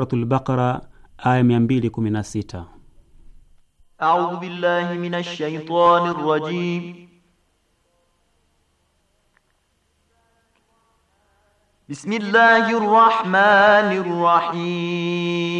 Suratul Baqara aya 216. A'udhu billahi minash shaitani rrajim. Bismillahir rahmanir rahim.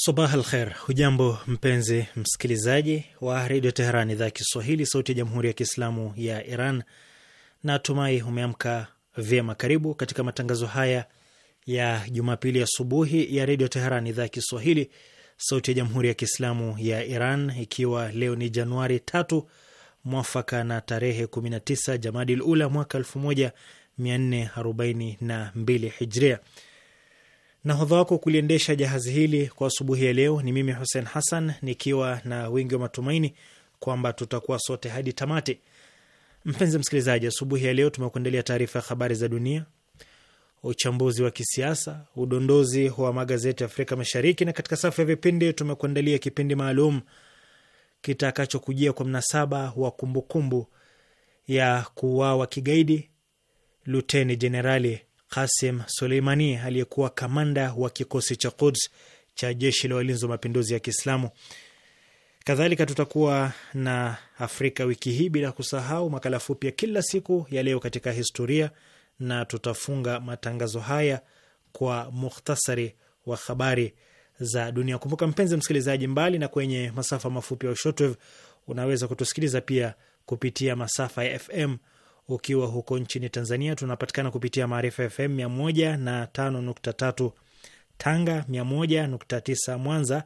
Sabah al kher. Hujambo mpenzi msikilizaji wa redio Teheran, idhaa ya Kiswahili, sauti ya jamhuri ya kiislamu ya Iran. Natumai umeamka vyema. Karibu katika matangazo haya ya Jumapili asubuhi ya, redio Teheran, idhaa ya Kiswahili, sauti ya jamhuri ya kiislamu ya Iran, ikiwa leo ni Januari tatu mwafaka na tarehe 19 Jamadil Ula mwaka 1442 Hijria. Nahodha wako kuliendesha jahazi hili kwa asubuhi ya leo ni mimi Hussein Hassan, nikiwa na wingi wa matumaini kwamba tutakuwa sote hadi tamati. Mpenzi msikilizaji, asubuhi ya leo tumekuandalia taarifa ya habari za dunia, uchambuzi wa kisiasa, udondozi wa magazeti ya Afrika Mashariki, na katika safu ya vipindi tumekuandalia kipindi maalum kitakachokujia kwa mnasaba wa kumbukumbu ya kuuawa kigaidi Luteni Jenerali Qasim Suleimani aliyekuwa kamanda wa kikosi cha Quds cha jeshi la walinzi wa mapinduzi ya Kiislamu. Kadhalika tutakuwa na Afrika wiki hii, bila kusahau makala fupi ya kila siku ya leo katika historia, na tutafunga matangazo haya kwa mukhtasari wa habari za dunia. Kumbuka mpenzi msikilizaji, mbali na kwenye masafa mafupi ya shortwave, unaweza kutusikiliza pia kupitia masafa ya FM ukiwa huko nchini Tanzania tunapatikana kupitia Maarifa FM mia Tanga, mia Mwanza,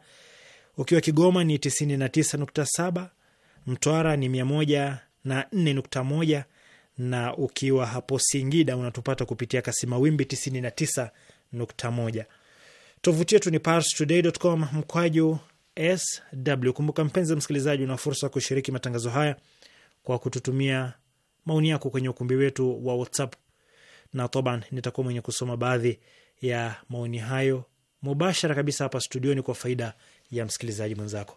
ukiwa Kigoma ni 99.7, Mtwara ni mia na na ukiwa hapo Singida unatupata kupitia kasimawimbi tisini na Tovuti yetu ni parstoday.com mkwaju sw. Kumbuka mpenzi msikilizaji, una fursa kushiriki matangazo haya kwa kututumia maoni yako kwenye ukumbi wetu wa WhatsApp na toban, nitakuwa mwenye kusoma baadhi ya maoni hayo mubashara kabisa hapa studioni kwa faida ya msikilizaji mwenzako.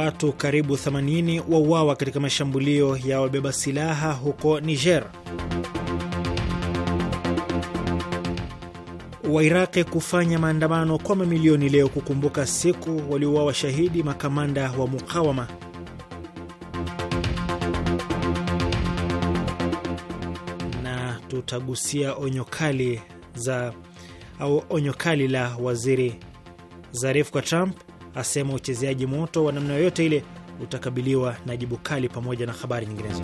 watu karibu 80 wauawa katika mashambulio ya wabeba silaha huko Niger. Wairaqi kufanya maandamano kwa mamilioni leo kukumbuka siku waliouawa shahidi makamanda wa mukawama. Na tutagusia onyo kali za au onyo kali la waziri Zarif kwa Trump asema uchezeaji moto wa namna yoyote ile utakabiliwa na jibu kali, pamoja na habari nyinginezo.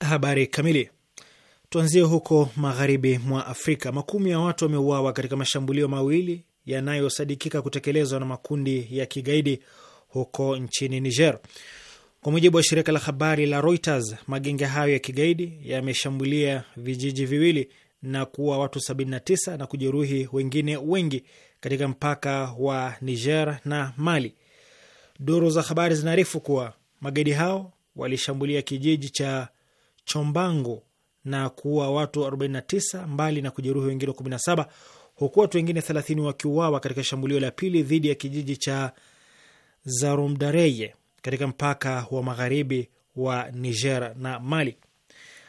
Habari kamili. Tuanzie huko magharibi mwa Afrika. Makumi ya watu wameuawa katika mashambulio mawili yanayosadikika kutekelezwa na makundi ya kigaidi huko nchini Niger. Kwa mujibu wa shirika la habari la Reuters, magenge hayo ya kigaidi yameshambulia vijiji viwili na kuua watu 79 na kujeruhi wengine wengi katika mpaka wa Niger na Mali. Duru za habari zinaarifu kuwa magaidi hao walishambulia kijiji cha Chombango na kuua watu 49 mbali na kujeruhi wengine 17 huku watu wengine 30 wakiuawa katika shambulio la pili dhidi ya kijiji cha Zarumdareye katika mpaka wa magharibi wa Niger na Mali.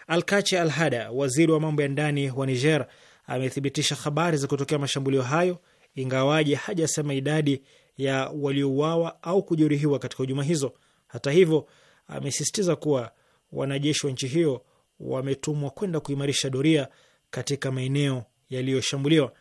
Alkache Alhada, waziri wa mambo ya ndani wa Niger, amethibitisha habari za kutokea mashambulio hayo, ingawaje hajasema idadi ya waliouawa au kujeruhiwa katika hujuma hizo. Hata hivyo, amesisitiza kuwa wanajeshi wa nchi hiyo wametumwa kwenda kuimarisha doria katika maeneo yaliyoshambuliwa.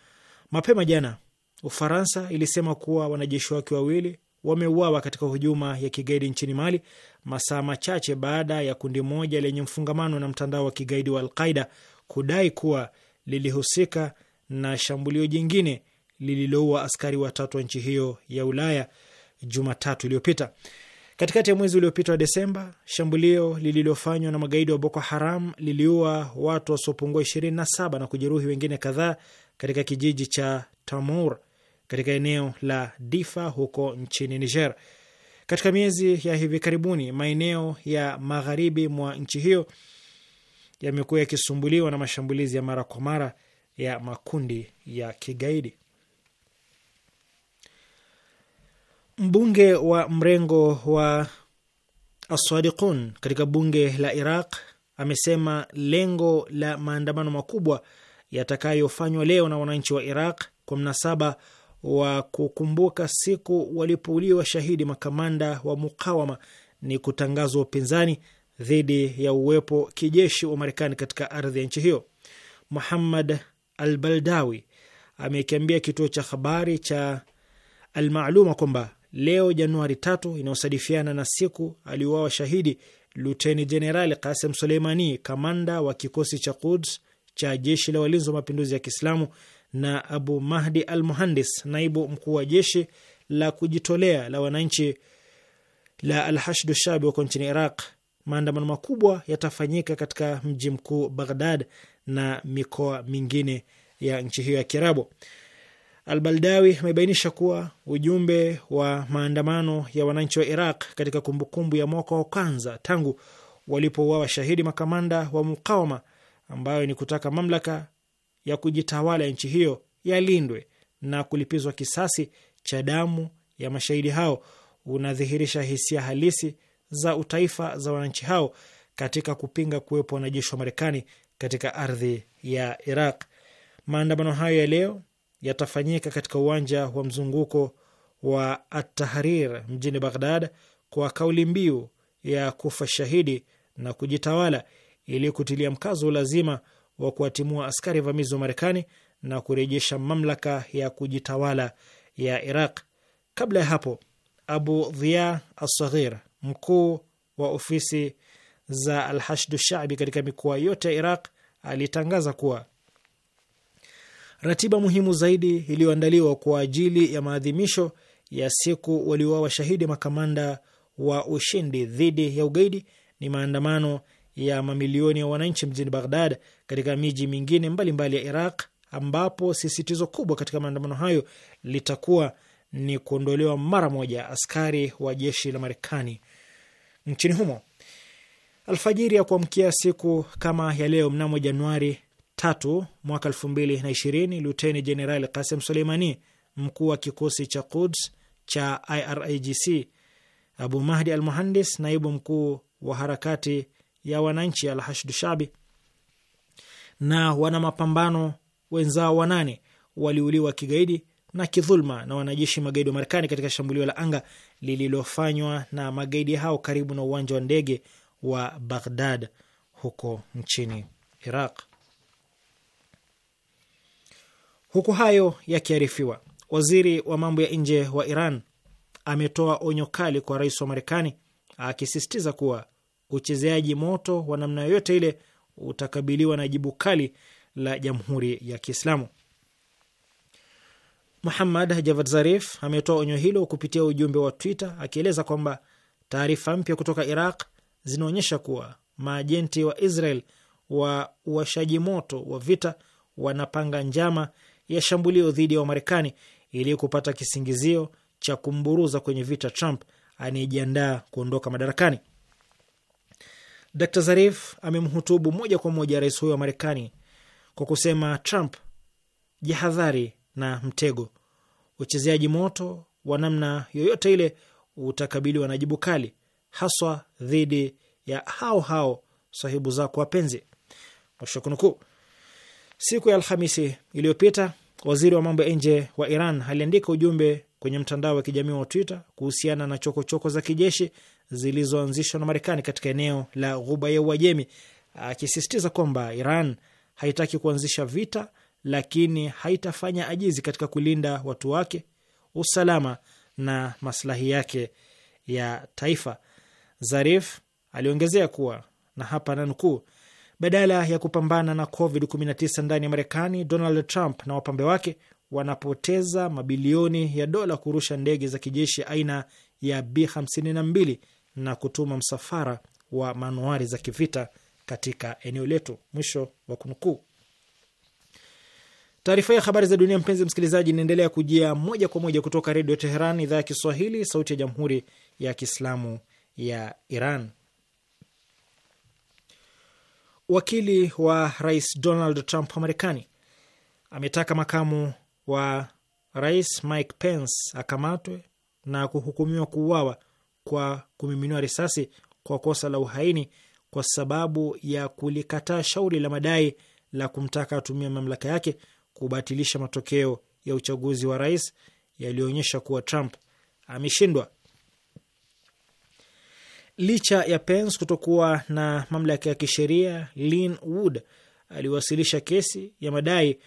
Mapema jana, Ufaransa ilisema kuwa wanajeshi wake wawili wameuawa katika hujuma ya kigaidi nchini Mali, masaa machache baada ya kundi moja lenye mfungamano na mtandao wa kigaidi wa Alqaida kudai kuwa lilihusika na shambulio jingine lililoua askari watatu wa nchi hiyo ya Ulaya Jumatatu iliyopita. Katikati ya mwezi uliopita wa Desemba, shambulio lililofanywa na magaidi wa Boko Haram liliua watu wasiopungua saba na kujeruhi wengine kadhaa katika kijiji cha Tamur katika eneo la Difa huko nchini Niger. Katika miezi ya hivi karibuni, maeneo ya magharibi mwa nchi hiyo yamekuwa yakisumbuliwa na mashambulizi ya mara kwa mara ya makundi ya kigaidi. Mbunge wa mrengo wa Asadiqun katika bunge la Iraq amesema lengo la maandamano makubwa yatakayofanywa leo na wananchi wa Iraq kwa mnasaba wa kukumbuka siku walipouliwa shahidi makamanda wa mukawama ni kutangazwa upinzani dhidi ya uwepo kijeshi wa Marekani katika ardhi ya nchi hiyo. Muhammad al-Baldawi amekiambia kituo cha habari cha Almaluma kwamba leo Januari tatu inayosadifiana na siku aliuawa shahidi Luteni Jenerali Kasim Suleimani, kamanda wa kikosi cha Quds cha jeshi la walinzi wa mapinduzi ya Kiislamu na Abu Mahdi al Muhandis, naibu mkuu wa jeshi la kujitolea la wananchi la Alhashdu Shabi huko nchini Iraq. Maandamano makubwa yatafanyika katika mji mkuu Baghdad na mikoa mingine ya nchi hiyo ya Kiarabu. Albaldawi amebainisha kuwa ujumbe wa maandamano ya wananchi wa Iraq katika kumbukumbu ya mwaka wa kwanza tangu walipouawa shahidi makamanda wa mukawama, ambayo ni kutaka mamlaka ya kujitawala ya nchi hiyo yalindwe na kulipizwa kisasi cha damu ya mashahidi hao unadhihirisha hisia halisi za utaifa za wananchi hao katika kupinga kuwepo wanajeshi wa Marekani katika ardhi ya Iraq. Maandamano hayo ya leo yatafanyika katika uwanja wa mzunguko wa atahrir mjini Baghdad kwa kauli mbiu ya kufa shahidi na kujitawala, ili kutilia mkazo ulazima wa kuwatimua askari vamizi wa Marekani na kurejesha mamlaka ya kujitawala ya Iraq. Kabla ya hapo, Abu Dhia Assaghir, mkuu wa ofisi za Alhashdu Shabi katika mikoa yote ya Iraq, alitangaza kuwa ratiba muhimu zaidi iliyoandaliwa kwa ajili ya maadhimisho ya siku walioa washahidi makamanda wa ushindi dhidi ya ugaidi ni maandamano ya mamilioni ya wananchi mjini Baghdad katika miji mingine mbalimbali mbali ya Iraq, ambapo sisitizo kubwa katika maandamano hayo litakuwa ni kuondolewa mara moja askari wa jeshi la Marekani nchini humo. Alfajiri ya kuamkia siku kama ya leo mnamo Januari tatu mwaka elfu mbili na ishirini, Luteni Jenerali Kasim Suleimani, mkuu wa kikosi cha Quds cha IRIGC, Abu Mahdi al Muhandis, naibu mkuu wa harakati ya wananchi Al Hashdu Shabi na wana mapambano wenzao wanane waliuliwa kigaidi na kidhulma na wanajeshi magaidi wa Marekani katika shambulio la anga lililofanywa na magaidi hao karibu na uwanja wa ndege wa Baghdad huko nchini Iraq. Huku hayo yakiarifiwa, waziri wa mambo ya nje wa Iran ametoa onyo kali kwa rais wa Marekani akisisitiza kuwa uchezeaji moto wa namna yoyote ile utakabiliwa na jibu kali la Jamhuri ya Kiislamu. Muhammad Javad Zarif ametoa onyo hilo kupitia ujumbe wa Twitter akieleza kwamba taarifa mpya kutoka Iraq zinaonyesha kuwa maajenti wa Israel wa uwashaji moto wa vita wanapanga njama ya shambulio dhidi ya Wamarekani ili kupata kisingizio cha kumburuza kwenye vita Trump anayejiandaa kuondoka madarakani. Dr Zarif amemhutubu moja kwa moja rais huyo wa Marekani kwa kusema, Trump, jihadhari na mtego. Uchezeaji moto wa namna yoyote ile utakabiliwa na jibu kali, haswa dhidi ya hao hao sahibu zako wapenzi. Mshukunukuu. Siku ya Alhamisi iliyopita waziri wa mambo ya nje wa Iran aliandika ujumbe kwenye mtandao wa kijamii wa Twitter kuhusiana na chokochoko choko za kijeshi zilizoanzishwa na Marekani katika eneo la Ghuba ya Uajemi, akisisitiza kwamba Iran haitaki kuanzisha vita, lakini haitafanya ajizi katika kulinda watu wake, usalama na maslahi yake ya taifa. Zarif aliongezea kuwa na hapa nanukuu, badala ya kupambana na COVID-19 ndani ya Marekani, Donald Trump na wapambe wake wanapoteza mabilioni ya dola kurusha ndege za kijeshi aina ya B52 na kutuma msafara wa manuari za kivita katika eneo letu. Mwisho wa kunukuu. Taarifa ya habari za dunia, mpenzi msikilizaji, inaendelea kujia moja kwa moja kutoka Redio Teheran, idhaa ya Kiswahili, sauti ya Jamhuri ya Kiislamu ya Iran. Wakili wa rais Donald Trump wa Marekani ametaka makamu wa rais Mike Pence akamatwe na kuhukumiwa kuuawa kwa kumiminiwa risasi kwa kosa la uhaini kwa sababu ya kulikataa shauri la madai la kumtaka atumia mamlaka yake kubatilisha matokeo ya uchaguzi wa rais yaliyoonyesha kuwa Trump ameshindwa. Licha ya Pence kutokuwa na mamlaka ya kisheria, Lynn Wood aliwasilisha kesi ya madai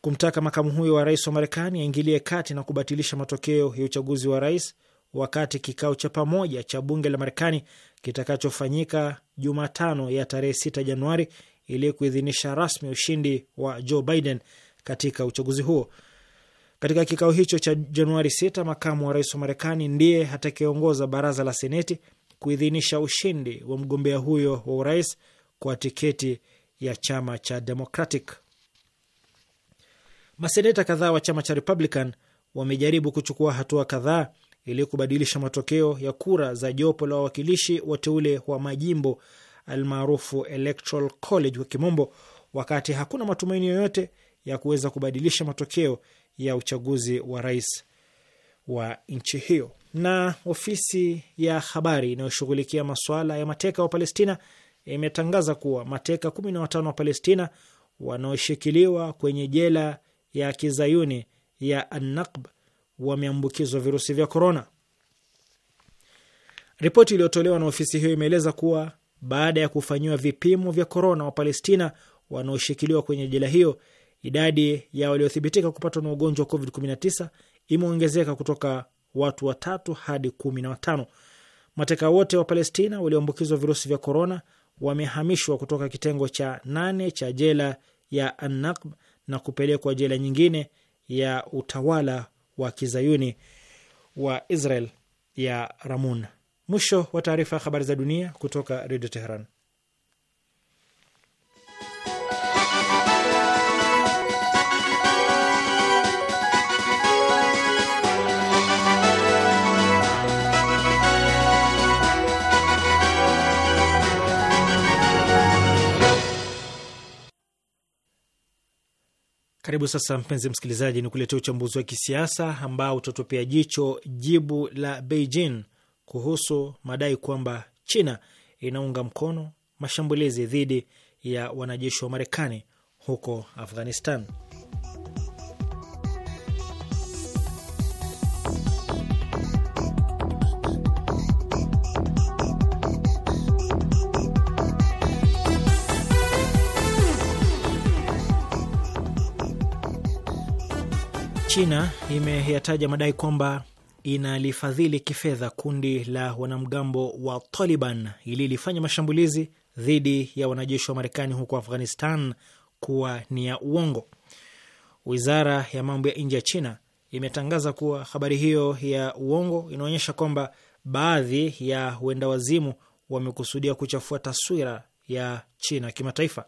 kumtaka makamu huyo wa rais wa Marekani aingilie kati na kubatilisha matokeo ya uchaguzi wa rais wakati kikao cha pamoja cha bunge la Marekani kitakachofanyika Jumatano ya tarehe 6 Januari ili kuidhinisha rasmi ushindi wa Joe Biden katika uchaguzi huo. Katika kikao hicho cha Januari 6, makamu wa rais wa Marekani ndiye atakayeongoza baraza la Seneti kuidhinisha ushindi wa mgombea huyo wa urais kwa tiketi ya chama cha Democratic. Maseneta kadhaa wa chama cha Republican wamejaribu kuchukua hatua kadhaa ili kubadilisha matokeo ya kura za jopo la wawakilishi wateule wa majimbo almaarufu Electoral College kwa kimombo, wakati hakuna matumaini yoyote ya kuweza kubadilisha matokeo ya uchaguzi wa rais wa nchi hiyo. Na ofisi ya habari inayoshughulikia masuala ya mateka wa Palestina imetangaza kuwa mateka 15 wa Palestina wanaoshikiliwa kwenye jela ya kizayuni ya Annakba wameambukizwa virusi vya korona. Ripoti iliyotolewa na ofisi hiyo imeeleza kuwa baada ya kufanyiwa vipimo vya korona, Wapalestina wanaoshikiliwa kwenye jela hiyo, idadi ya waliothibitika kupatwa na ugonjwa wa COVID-19 imeongezeka kutoka watu watatu hadi kumi na watano. Mateka wote wa Palestina walioambukizwa virusi vya korona wamehamishwa kutoka kitengo cha nane cha jela ya Annakb na kupelekwa jela nyingine ya utawala wa kizayuni wa Israel ya Ramun. Mwisho wa taarifa ya habari za dunia kutoka Redio Teheran. Karibu sasa mpenzi msikilizaji, ni kuletea uchambuzi wa kisiasa ambao utatupia jicho jibu la Beijing kuhusu madai kwamba China inaunga mkono mashambulizi dhidi ya wanajeshi wa Marekani huko Afghanistan. China imeyataja madai kwamba inalifadhili kifedha kundi la wanamgambo wa Taliban ililifanya mashambulizi dhidi ya wanajeshi wa Marekani huko Afghanistan kuwa ni ya uongo. Wizara ya mambo ya nje ya China imetangaza kuwa habari hiyo ya uongo inaonyesha kwamba baadhi ya wenda wazimu wamekusudia kuchafua taswira ya China kimataifa.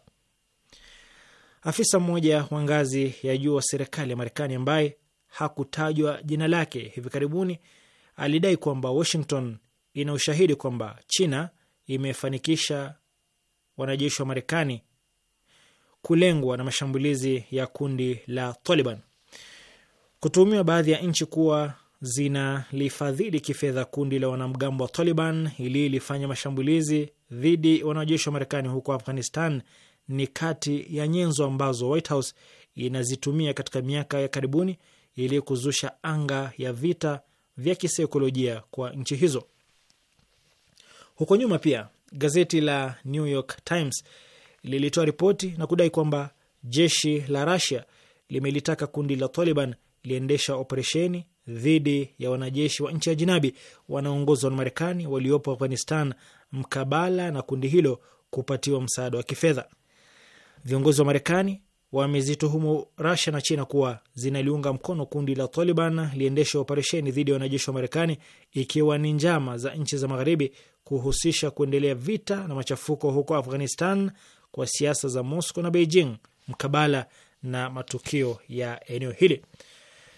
Afisa mmoja wa ngazi ya juu wa serikali ya Marekani ambaye hakutajwa jina lake hivi karibuni alidai kwamba Washington ina ushahidi kwamba China imefanikisha wanajeshi wa Marekani kulengwa na mashambulizi ya kundi la Taliban. Kutuhumiwa baadhi ya nchi kuwa zinalifadhili kifedha kundi la wanamgambo wa Taliban ili lifanya mashambulizi dhidi wanajeshi wa Marekani huko Afghanistan ni kati ya nyenzo ambazo White House inazitumia katika miaka ya karibuni ili kuzusha anga ya vita vya kisaikolojia kwa nchi hizo. Huko nyuma pia gazeti la New York Times lilitoa ripoti na kudai kwamba jeshi la Russia limelitaka kundi la Taliban liendesha operesheni dhidi ya wanajeshi wa nchi ya jinabi wanaoongozwa na Marekani waliopo Afghanistan mkabala na kundi hilo kupatiwa msaada wa kifedha. Viongozi wa Marekani wamezituhumu Rasia na China kuwa zinaliunga mkono kundi la Taliban liendesha operesheni dhidi ya wanajeshi wa Marekani, ikiwa ni njama za nchi za Magharibi kuhusisha kuendelea vita na machafuko huko Afghanistan kwa siasa za Moscow na Beijing mkabala na matukio ya eneo hili,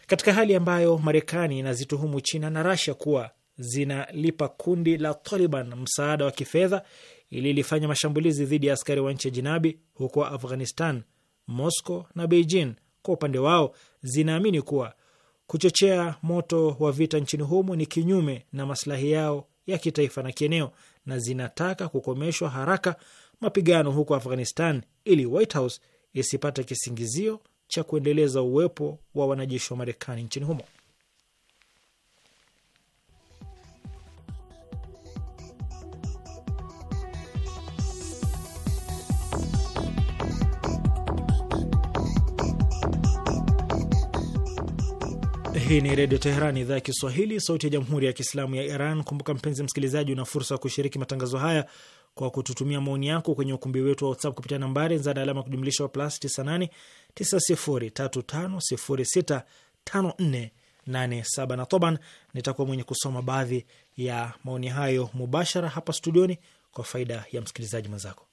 katika hali ambayo Marekani inazituhumu China na Rasia kuwa zinalipa kundi la Taliban msaada wa kifedha lilifanya mashambulizi dhidi ya askari wa nchi ya jinabi huko Afghanistan. Moscow na Beijing kwa upande wao zinaamini kuwa kuchochea moto wa vita nchini humo ni kinyume na maslahi yao ya kitaifa na kieneo, na zinataka kukomeshwa haraka mapigano huko Afghanistan ili White House isipate kisingizio cha kuendeleza uwepo wa wanajeshi wa Marekani nchini humo. Hii ni Redio Teheran, idhaa ya Kiswahili, sauti ya Jamhuri ya Kiislamu ya Iran. Kumbuka mpenzi msikilizaji, una fursa ya kushiriki matangazo haya kwa kututumia maoni yako kwenye ukumbi wetu wa WhatsApp kupitia nambari zana alama kujumlisha wa plus 98 na toban. Nitakuwa mwenye kusoma baadhi ya maoni hayo mubashara hapa studioni kwa faida ya msikilizaji mwenzako.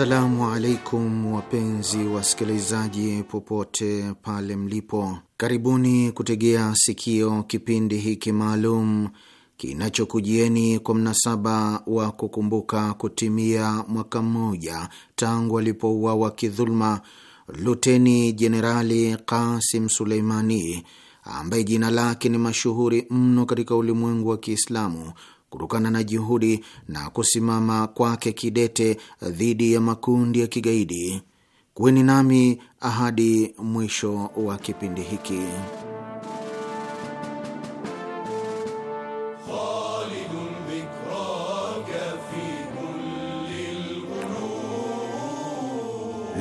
Assalamu alaikum wapenzi wasikilizaji, popote pale mlipo, karibuni kutegea sikio kipindi hiki maalum kinachokujieni kwa mnasaba wa kukumbuka kutimia mwaka mmoja tangu alipouawa kidhuluma Luteni Jenerali Kasim Suleimani ambaye jina lake ni mashuhuri mno katika ulimwengu wa Kiislamu kutokana na juhudi na kusimama kwake kidete dhidi ya makundi ya kigaidi. Kuweni nami hadi mwisho wa kipindi hiki.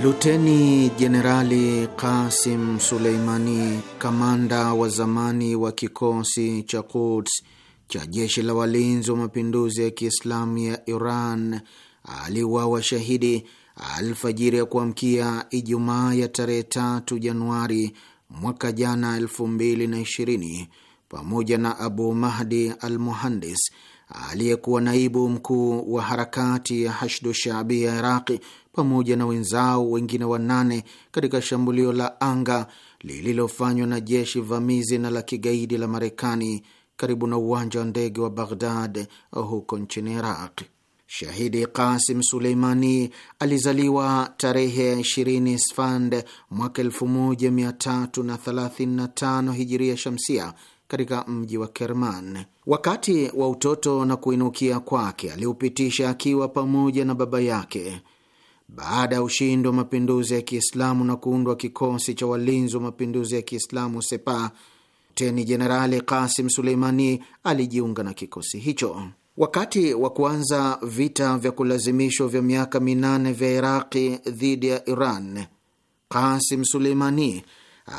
Luteni Jenerali Kasim Suleimani, kamanda wa zamani wa kikosi cha Quds cha jeshi la walinzi wa mapinduzi ya Kiislamu ya Iran aliuawa shahidi alfajiri ya kuamkia Ijumaa ya tarehe 3 Januari mwaka jana ishirini pamoja na Abu Mahdi al Muhandis aliyekuwa naibu mkuu wa harakati ya Hashdu Shaabi ya Iraqi pamoja na wenzao wengine wanane katika shambulio la anga lililofanywa na jeshi vamizi na la kigaidi la Marekani karibu na uwanja wa ndege wa Baghdad huko nchini Iraq. Shahidi Qasim Suleimani alizaliwa tarehe 20 Sfand mwaka 1335 hijiria shamsia katika mji wa Kerman. Wakati wa utoto na kuinukia kwake aliupitisha akiwa pamoja na baba yake. Baada ya ushindi wa mapinduzi ya Kiislamu na kuundwa kikosi cha walinzi wa mapinduzi ya Kiislamu Sepah, Luteni Jenerali Kasim Suleimani alijiunga na kikosi hicho. Wakati wa kuanza vita vya kulazimishwa vya miaka minane vya Iraqi dhidi ya Iran, Kasim Suleimani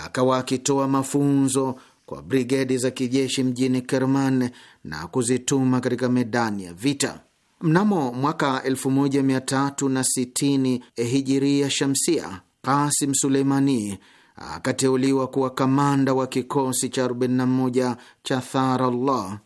akawa akitoa mafunzo kwa brigedi za kijeshi mjini Kerman na kuzituma katika medani ya vita. Mnamo mwaka 1360 hijiria shamsia, Kasim Suleimani akateuliwa kuwa kamanda wa kikosi cha 41 cha Tharallah.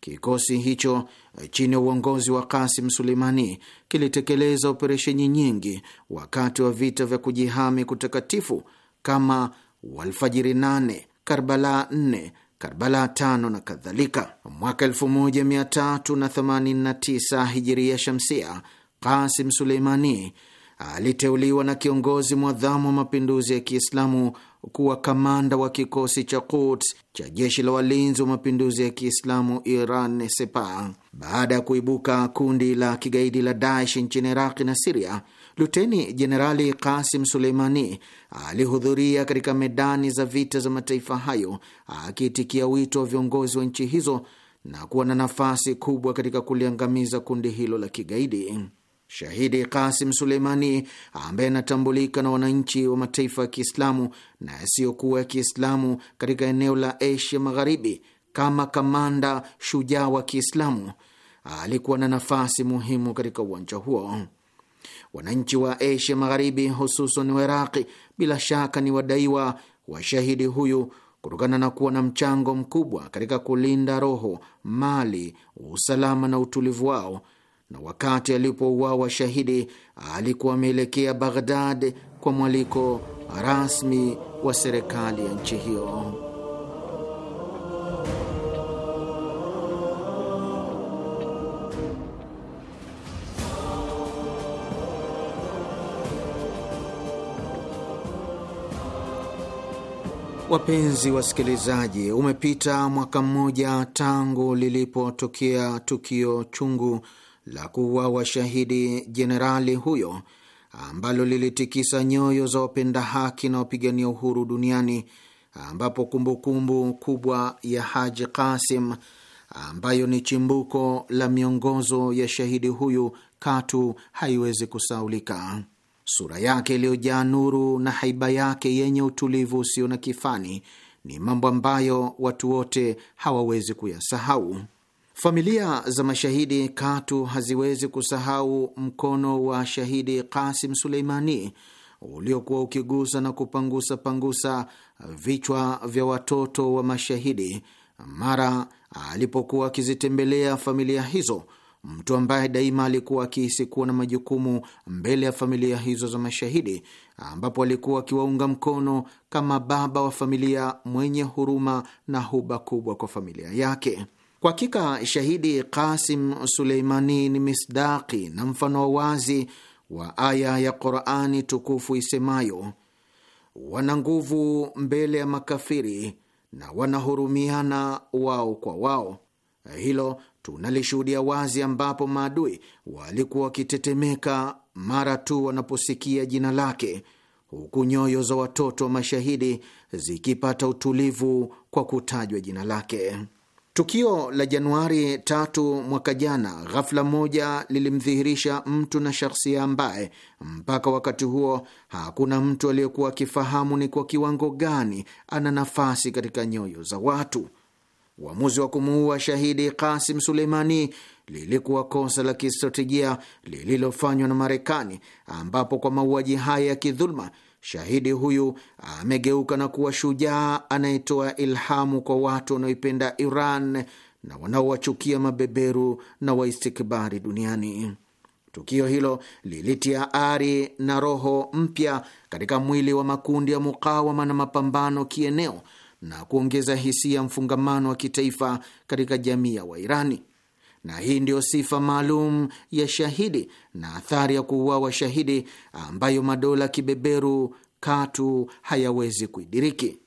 Kikosi hicho eh, chini ya uongozi wa Kasim Suleimani kilitekeleza operesheni nyingi wakati wa vita vya kujihami kutakatifu kama Walfajiri 8, Karbala 4, Karbala 5 na kadhalika. Mwaka 1389 hijiria shamsia, Kasim Suleimani aliteuliwa na kiongozi mwadhamu wa mapinduzi ya Kiislamu kuwa kamanda wa kikosi cha Quds cha jeshi la walinzi wa mapinduzi ya Kiislamu Iran Sepah. Baada ya kuibuka kundi la kigaidi la Daesh nchini Iraqi na Siria, Luteni Jenerali Kasim Suleimani alihudhuria katika medani za vita za mataifa hayo akiitikia wito wa viongozi wa nchi hizo na kuwa na nafasi kubwa katika kuliangamiza kundi hilo la kigaidi. Shahidi Kasim Suleimani, ambaye anatambulika na wananchi wa mataifa ya Kiislamu na yasiyokuwa ya Kiislamu katika eneo la Asia Magharibi kama kamanda shujaa wa Kiislamu, alikuwa na nafasi muhimu katika uwanja huo. Wananchi wa Asia Magharibi, hususan wa Iraqi, bila shaka ni wadaiwa wa shahidi huyu kutokana na kuwa na mchango mkubwa katika kulinda roho, mali, usalama na utulivu wao na wakati alipouawa shahidi alikuwa ameelekea Baghdad kwa mwaliko rasmi wa serikali ya nchi hiyo. Wapenzi wasikilizaji, umepita mwaka mmoja tangu lilipotokea tukio chungu la kuwa shahidi jenerali huyo ambalo lilitikisa nyoyo za wapenda haki na wapigania uhuru duniani, ambapo kumbukumbu kumbu kubwa ya Haji Kasim ambayo ni chimbuko la miongozo ya shahidi huyu katu haiwezi kusaulika. Sura yake iliyojaa nuru na haiba yake yenye utulivu usio na kifani ni mambo ambayo watu wote hawawezi kuyasahau. Familia za mashahidi katu haziwezi kusahau mkono wa shahidi Kasim Suleimani uliokuwa ukigusa na kupangusa pangusa vichwa vya watoto wa mashahidi mara alipokuwa akizitembelea familia hizo, mtu ambaye daima alikuwa akihisi kuwa na majukumu mbele ya familia hizo za mashahidi, ambapo alikuwa akiwaunga mkono kama baba wa familia mwenye huruma na huba kubwa kwa familia yake. Kwa hakika shahidi Kasim Suleimani ni misdaki na mfano wa wazi wa aya ya Qurani tukufu isemayo, wana nguvu mbele ya makafiri na wanahurumiana wao kwa wao. Hilo tunalishuhudia wazi, ambapo maadui walikuwa wakitetemeka mara tu wanaposikia jina lake, huku nyoyo za watoto wa mashahidi zikipata utulivu kwa kutajwa jina lake. Tukio la Januari tatu mwaka jana ghafla moja lilimdhihirisha mtu na shakhsia ambaye mpaka wakati huo hakuna mtu aliyekuwa akifahamu ni kwa kiwango gani ana nafasi katika nyoyo za watu. Uamuzi wa kumuua shahidi Kasim Suleimani lilikuwa kosa la kistratejia lililofanywa na Marekani, ambapo kwa mauaji haya ya kidhuluma Shahidi huyu amegeuka na kuwa shujaa anayetoa ilhamu kwa watu wanaoipenda Iran na wanaowachukia mabeberu na waistikbari duniani. Tukio hilo lilitia ari na roho mpya katika mwili wa makundi ya mukawama na mapambano kieneo na kuongeza hisia mfungamano wa kitaifa katika jamii ya Wairani na hii ndiyo sifa maalum ya shahidi na athari ya kuuawa shahidi ambayo madola kibeberu katu hayawezi kuidiriki.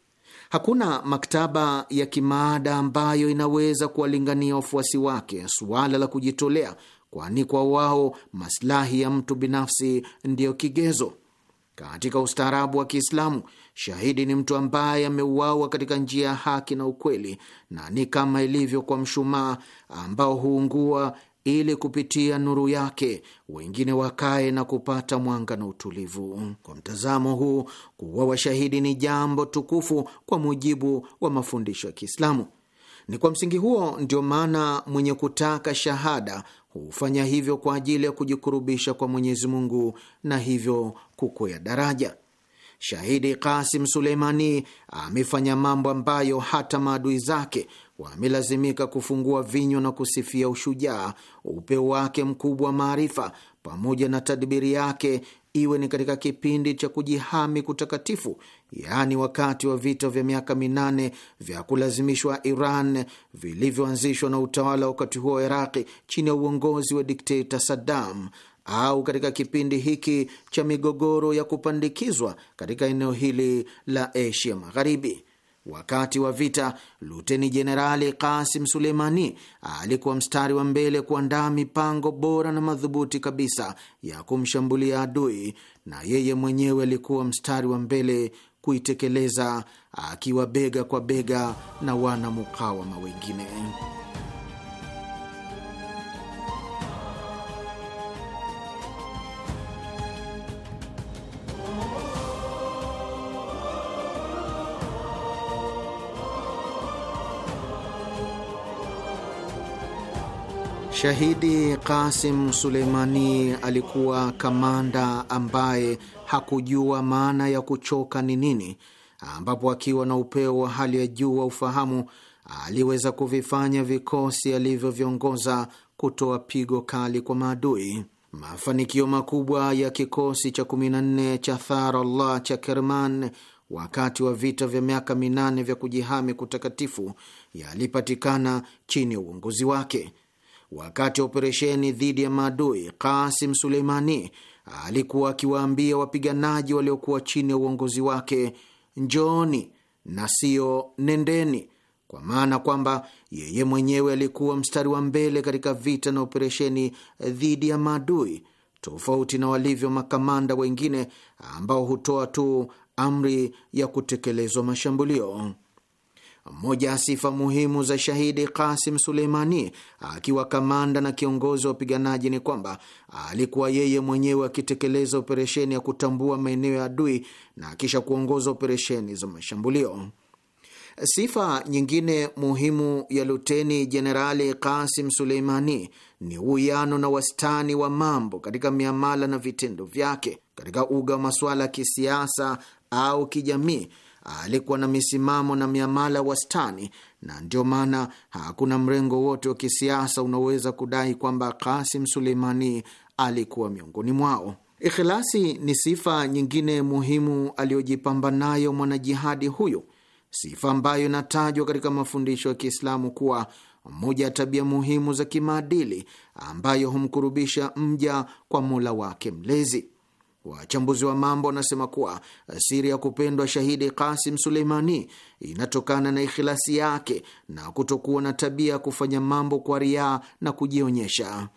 Hakuna maktaba ya kimaada ambayo inaweza kuwalingania wafuasi wake suala la kujitolea, kwani kwa wao maslahi ya mtu binafsi ndiyo kigezo. Katika ustaarabu wa Kiislamu, Shahidi ni mtu ambaye ameuawa katika njia ya haki na ukweli, na ni kama ilivyo kwa mshumaa ambao huungua ili kupitia nuru yake wengine wakae na kupata mwanga na utulivu. Kwa mtazamo huu, kuuawa shahidi ni jambo tukufu kwa mujibu wa mafundisho ya Kiislamu. Ni kwa msingi huo ndio maana mwenye kutaka shahada hufanya hivyo kwa ajili ya kujikurubisha kwa Mwenyezi Mungu na hivyo kukwea daraja. Shahidi Kasim Suleimani amefanya mambo ambayo hata maadui zake wamelazimika kufungua vinywa na kusifia ushujaa, upeo wake mkubwa wa maarifa, pamoja na tadbiri yake, iwe ni katika kipindi cha kujihami kutakatifu, yaani wakati wa vita vya miaka minane vya kulazimishwa Iran vilivyoanzishwa na utawala wakati huo wa Iraqi chini ya uongozi wa dikteta Saddam au katika kipindi hiki cha migogoro ya kupandikizwa katika eneo hili la Asia Magharibi. Wakati wa vita, Luteni Jenerali Kasim Suleimani alikuwa mstari wa mbele kuandaa mipango bora na madhubuti kabisa ya kumshambulia adui, na yeye mwenyewe alikuwa mstari wa mbele kuitekeleza, akiwa bega kwa bega na wanamukawama wengine. Shahidi Kasim Suleimani alikuwa kamanda ambaye hakujua maana ya kuchoka ni nini, ambapo akiwa na upeo wa hali ya juu wa ufahamu aliweza kuvifanya vikosi alivyoviongoza kutoa pigo kali kwa maadui. Mafanikio makubwa ya kikosi cha 14 cha Tharallah cha Kerman wakati wa vita vya miaka minane vya kujihami kutakatifu yalipatikana chini ya uongozi wake wakati wa operesheni dhidi ya maadui, Kasim Suleimani alikuwa akiwaambia wapiganaji waliokuwa chini ya uongozi wake, njooni na sio nendeni, kwa maana kwamba yeye mwenyewe alikuwa mstari wa mbele katika vita na operesheni dhidi ya maadui, tofauti na walivyo makamanda wengine ambao hutoa tu amri ya kutekelezwa mashambulio. Moja ya sifa muhimu za shahidi Kasim Suleimani akiwa kamanda na kiongozi wa wapiganaji ni kwamba alikuwa yeye mwenyewe akitekeleza operesheni ya kutambua maeneo ya adui na kisha kuongoza operesheni za mashambulio. Sifa nyingine muhimu ya Luteni Jenerali Kasim Suleimani ni uwiano na wastani wa mambo katika miamala na vitendo vyake katika uga wa masuala ya kisiasa au kijamii alikuwa na misimamo na miamala wastani, na ndio maana hakuna mrengo wote wa kisiasa unaweza kudai kwamba Kasim Suleimani alikuwa miongoni mwao. Ikhilasi ni sifa nyingine muhimu aliyojipamba nayo mwanajihadi huyo, sifa ambayo inatajwa katika mafundisho ya Kiislamu kuwa moja ya tabia muhimu za kimaadili ambayo humkurubisha mja kwa Mola wake Mlezi. Wachambuzi wa mambo wanasema kuwa siri ya kupendwa shahidi Kasim Suleimani inatokana na ikhilasi yake na kutokuwa na tabia ya kufanya mambo kwa riaa na kujionyesha.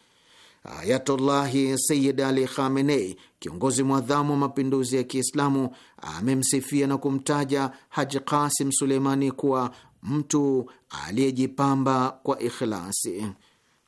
Ayatullahi Sayid Ali Khamenei, kiongozi mwadhamu wa mapinduzi ya Kiislamu, amemsifia na kumtaja Haji Kasim Suleimani kuwa mtu aliyejipamba kwa ikhilasi.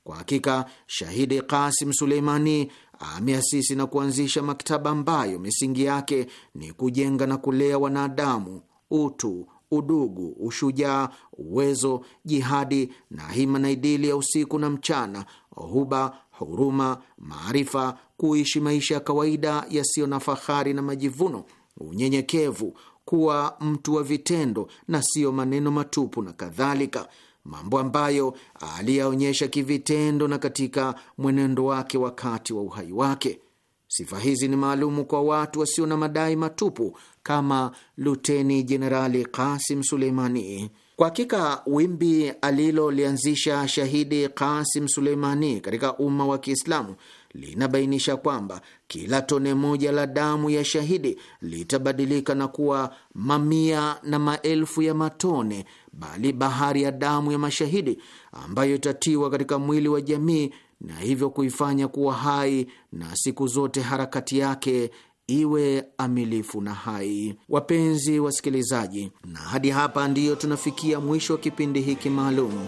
Kwa hakika shahidi Kasim Suleimani ameasisi na kuanzisha maktaba ambayo misingi yake ni kujenga na kulea wanadamu, utu, udugu, ushujaa, uwezo, jihadi na hima na idili ya usiku na mchana, huba, huruma, maarifa, kuishi maisha ya kawaida yasiyo na fahari na majivuno, unyenyekevu, kuwa mtu wa vitendo na siyo maneno matupu na kadhalika mambo ambayo aliyaonyesha kivitendo na katika mwenendo wake wakati wa uhai wake. Sifa hizi ni maalumu kwa watu wasio na madai matupu kama Luteni Jenerali Kasim Suleimani. Kwa hakika wimbi alilolianzisha shahidi Kasim Suleimani katika umma wa Kiislamu linabainisha kwamba kila tone moja la damu ya shahidi litabadilika na kuwa mamia na maelfu ya matone bali bahari ya damu ya mashahidi ambayo itatiwa katika mwili wa jamii na hivyo kuifanya kuwa hai na siku zote harakati yake iwe amilifu na hai. Wapenzi wasikilizaji, na hadi hapa ndiyo tunafikia mwisho wa kipindi hiki maalum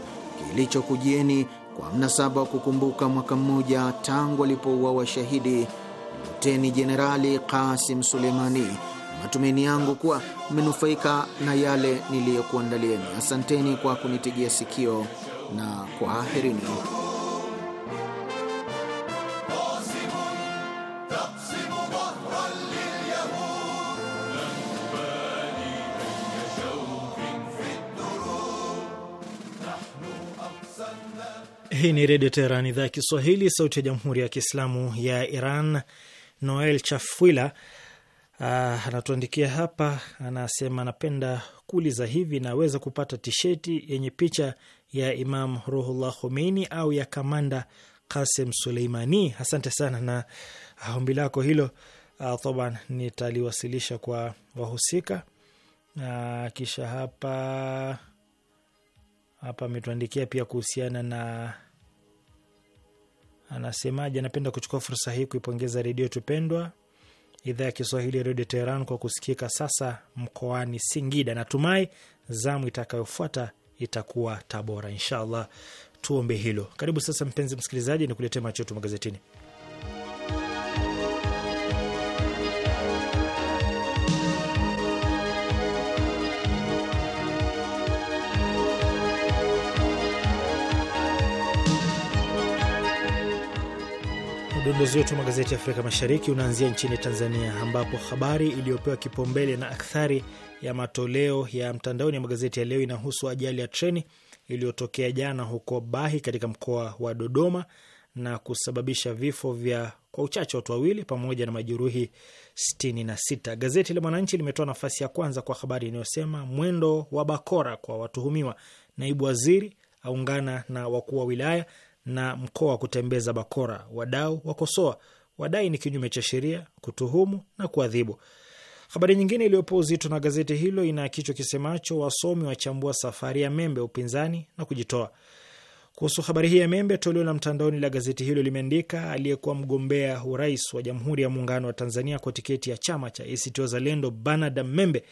kilichokujieni kwa mnasaba wa kukumbuka mwaka mmoja tangu alipouawa shahidi Luteni Jenerali Kasim Suleimani Matumaini yangu kuwa mmenufaika na yale niliyokuandalieni. Asanteni kwa kunitegea sikio na kwaherini. Hii ni Redio Teheran, idhaa ya Kiswahili, sauti ya Jamhuri ya Kiislamu ya Iran. Noel Chafwila Ah, anatuandikia hapa, anasema anapenda kuuliza, hivi naweza kupata tisheti yenye picha ya Imam Ruhullah Khomeini au ya kamanda kasim Suleimani? Asante sana na ombi lako hilo. Ah, toban nitaliwasilisha kwa wahusika. Na ah, kisha hapa hapa ametuandikia pia kuhusiana na anasemaje, anapenda kuchukua fursa hii kuipongeza redio tupendwa idhaa ya Kiswahili ya redio Teheran kwa kusikika sasa mkoani Singida. Natumai zamu itakayofuata itakuwa Tabora, inshallah. Tuombe hilo. Karibu sasa, mpenzi msikilizaji, ni kuletea macho yetu magazetini. Udondozi wetu wa magazeti ya Afrika Mashariki unaanzia nchini Tanzania, ambapo habari iliyopewa kipaumbele na akthari ya matoleo ya mtandaoni ya magazeti ya leo inahusu ajali ya treni iliyotokea jana huko Bahi katika mkoa wa Dodoma na kusababisha vifo vya kwa uchache watu wawili pamoja na majeruhi 66. Gazeti la Mwananchi limetoa nafasi ya kwanza kwa habari inayosema mwendo wa bakora kwa watuhumiwa, naibu waziri aungana na wakuu wa wilaya na mkoa wa kutembeza bakora. Wadau wakosoa wadai ni kinyume cha sheria kutuhumu na kuadhibu. Habari nyingine iliyopo uzito na gazeti hilo ina kichwa kisemacho wasomi wachambua safari ya Membe, upinzani na kujitoa. Kuhusu habari hii ya Membe, toleo la mtandaoni la gazeti hilo limeandika aliyekuwa mgombea urais wa Jamhuri ya Muungano wa Tanzania kwa tiketi ya chama cha ACT Wazalendo, Bernard Membe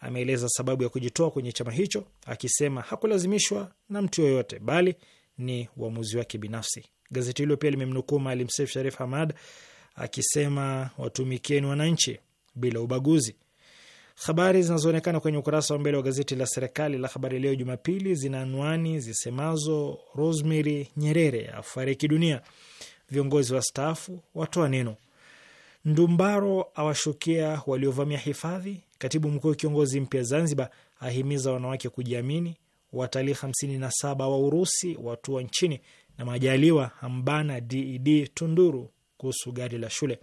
ameeleza sababu ya kujitoa kwenye chama hicho, akisema hakulazimishwa na mtu yoyote, bali ni uamuzi wake binafsi. Gazeti hilo pia limemnukuu Maalim Seif Sharif Hamad akisema watumikieni wananchi bila ubaguzi. Habari zinazoonekana kwenye ukurasa wa mbele wa gazeti la serikali la Habari Leo Jumapili zina anwani zisemazo Rosemary Nyerere afariki dunia, viongozi wa staafu watoa neno, Ndumbaro awashukia waliovamia hifadhi, katibu mkuu kiongozi mpya Zanzibar ahimiza wanawake kujiamini, watalii 57 wa Urusi watua nchini, na Majaliwa ambana ded Tunduru kuhusu gari la shule.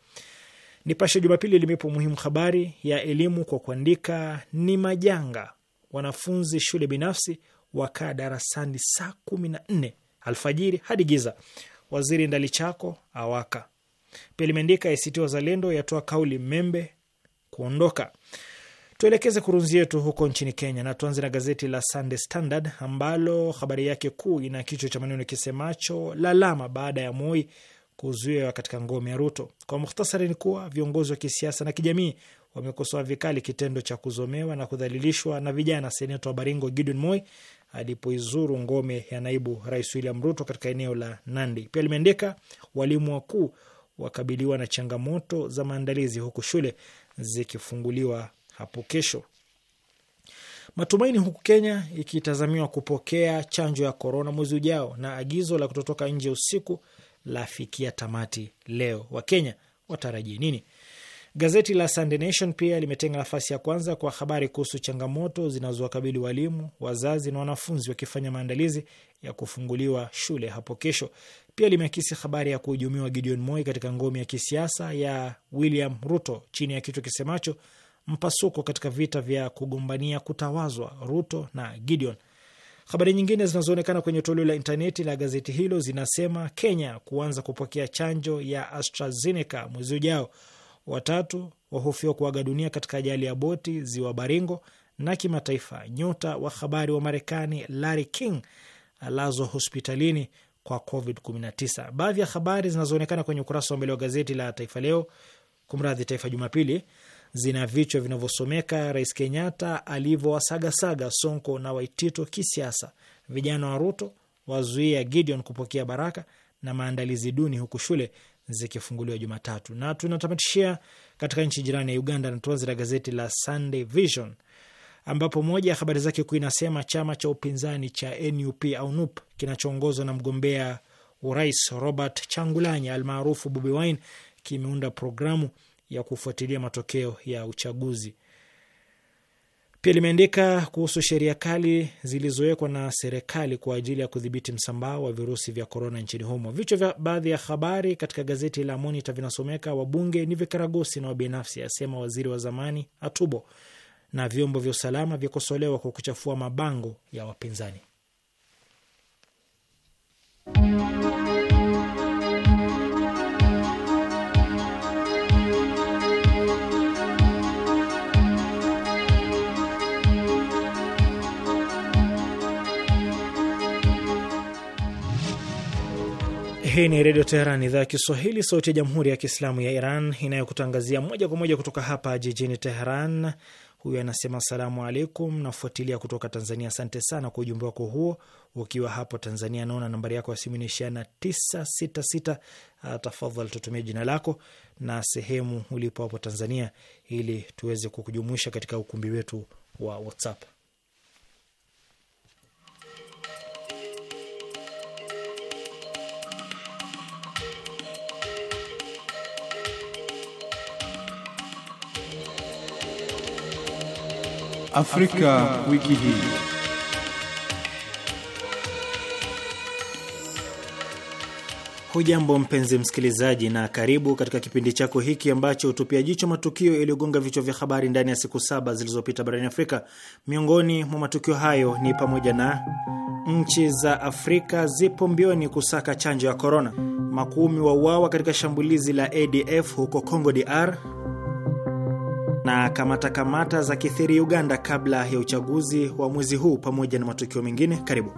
Nipashe Jumapili limepo muhimu habari ya elimu kwa kuandika ni majanga, wanafunzi shule binafsi wakaa darasani saa kumi na nne alfajiri hadi giza, waziri Ndalichako awaka. Pia limeandika ACT Wazalendo yatoa kauli Membe kuondoka. Tuelekeze kurunzi yetu huko nchini Kenya na tuanze na gazeti la Sunday Standard ambalo habari yake kuu ina kichwa cha maneno kisemacho lalama baada ya Moi kuzuiwa katika ngome ya Ruto. Kwa muhtasari, ni kuwa viongozi wa kisiasa na kijamii wamekosoa vikali kitendo cha kuzomewa na kudhalilishwa na vijana seneta wa Baringo Gideon Moi alipoizuru ngome ya naibu rais William Ruto katika eneo la Nandi. Pia limeandika walimu wakuu wakabiliwa na changamoto za maandalizi huku shule zikifunguliwa hapo kesho. Matumaini huku Kenya ikitazamiwa kupokea chanjo ya korona mwezi ujao na agizo la kutotoka nje usiku lafikia tamati leo. Wakenya watarajie nini? Gazeti la Sunday Nation pia limetenga nafasi ya kwanza kwa habari kuhusu changamoto zinazowakabili walimu, wazazi na wanafunzi wakifanya maandalizi ya kufunguliwa shule hapo kesho. Pia limeakisi habari ya kuhujumiwa Gideon Moi katika ngome ya kisiasa ya William Ruto chini ya kichwa kisemacho mpasuko katika vita vya kugombania kutawazwa Ruto na Gideon. Habari nyingine zinazoonekana kwenye toleo la intaneti la gazeti hilo zinasema Kenya kuanza kupokea chanjo ya AstraZeneca mwezi ujao, watatu wahofiwa kuaga dunia katika ajali ya boti ziwa Baringo, na kimataifa, nyota wa habari wa Marekani Larry King alazwa hospitalini kwa COVID-19. Baadhi ya habari zinazoonekana kwenye ukurasa wa mbele wa gazeti la Taifa Leo, kumradhi, Taifa Jumapili zina vichwa vinavyosomeka Rais Kenyatta alivyowasagasaga Sonko na Waitito kisiasa, vijana wa Ruto wazuia Gideon kupokea baraka na maandalizi duni huku shule zikifunguliwa Jumatatu. Na tunatamatishia katika nchi jirani ya Uganda, na tuanze la gazeti la Sunday Vision ambapo moja ya habari zake kuu inasema chama cha upinzani cha NUP au NUP kinachoongozwa na mgombea urais Robert Changulanyi almaarufu Bobi Wine kimeunda programu ya kufuatilia matokeo ya uchaguzi. Pia limeandika kuhusu sheria kali zilizowekwa na serikali kwa ajili ya kudhibiti msambao wa virusi vya korona nchini humo. Vichwa vya baadhi ya habari katika gazeti la Monita vinasomeka: wabunge ni vikaragosi na wabinafsi, asema waziri wa zamani Atubo, na vyombo vya usalama vyakosolewa kwa kuchafua mabango ya wapinzani. Hii ni Redio Teheran, idhaa ya Kiswahili, sauti ya Jamhuri ya Kiislamu ya Iran, inayokutangazia moja kwa moja kutoka hapa jijini Teheran. Huyu anasema salamu alaikum, nafuatilia kutoka Tanzania. Asante sana kwa ujumbe wako huo, ukiwa hapo Tanzania. Naona nambari yako ya simu inaishiana tisa sita sita. Ah, tafadhali tutumie jina lako na sehemu ulipo hapo Tanzania, ili tuweze kukujumuisha katika ukumbi wetu wa WhatsApp. Afrika, wiki hii. Hujambo mpenzi msikilizaji, na karibu katika kipindi chako hiki ambacho hutupia jicho matukio yaliyogonga vichwa vya habari ndani ya siku saba zilizopita barani Afrika. Miongoni mwa matukio hayo ni pamoja na nchi za Afrika zipo mbioni kusaka chanjo ya korona, makumi uawa katika shambulizi la ADF huko Congo DR, na kamata kamata za kithiri Uganda kabla ya uchaguzi wa mwezi huu pamoja na matukio mengine. Karibu